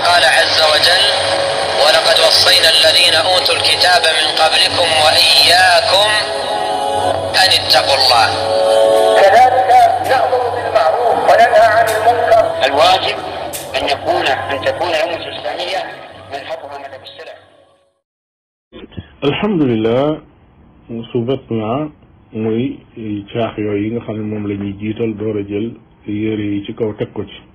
قال عز وجل ولقد وصينا الذين أوتوا الكتاب من قبلكم وإياكم أن اتقوا الله كذلك نأمر بالمعروف وننهى عن المنكر الواجب أن يكون أن تكون أمة إسلامية منهجها مذهب السلف الحمد لله سبقنا muy caax yooyu yi nga xam ne moom la يري jiital door a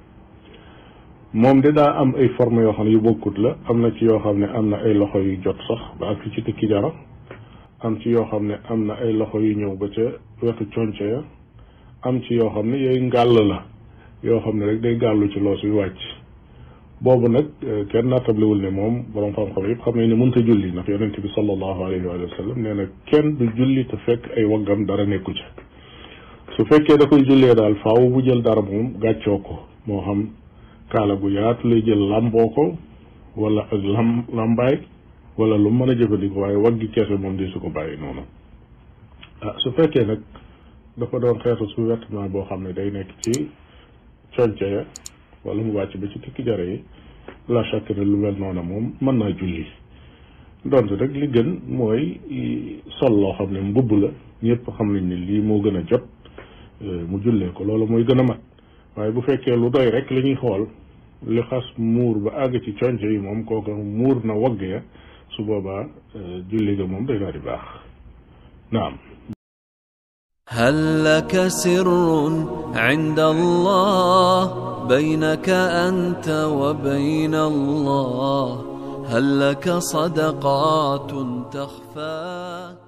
moom de daa am ay forme yoo xam ne yu bokkut la am na ci yoo xam ne am na ay loxo yu jot sax ba ak ci tikki jaram am ci yoo xam ne am na ay loxo yu ñëw ba ca wetu conco ya am ci yoo xam ne yooyu ngàll la yoo xam ne rek day gàllu ci loos wi wàcc boobu nag euh, kenn nattablewul ne moom borom xam-xam yëpp xam nañ ne mënta julli nag yonent bi sallallahu alayhi wa sallam nee nag kenn du julli te fekk ay waggam dara nekku ca su fekkee da koy jullee daal faaw bu jël dara moom gàccoo ko moo kaala gu yaatu lay jël làmboo ko wala ak làmbaay wala lu mën a jëfandikoo waaye waggi keese moom di su ko bàyyi noonu ah su fekkee nag dafa doon xeetu sous-vêtement boo xam ne day nekk ci conce ya wala mu wàcc ba ci tikki jare yi la chaque ne lu mel noonu moom mën naa julli donte rek li gën mooy sol loo xam ne mbubb la ñëpp xam nañ ne lii moo gën a jot eh, mu jullee ko loolu mooy gën a mat waaye bu fekkee lu doy rek li ñuy xool li xas muur ba àgg ci conco yi moom kooka muur na wagg ya su boobaa julli ga moom day daal di baax naam هل لك سر عند الله بينك أنت وبين الله هل لك صدقات تخفى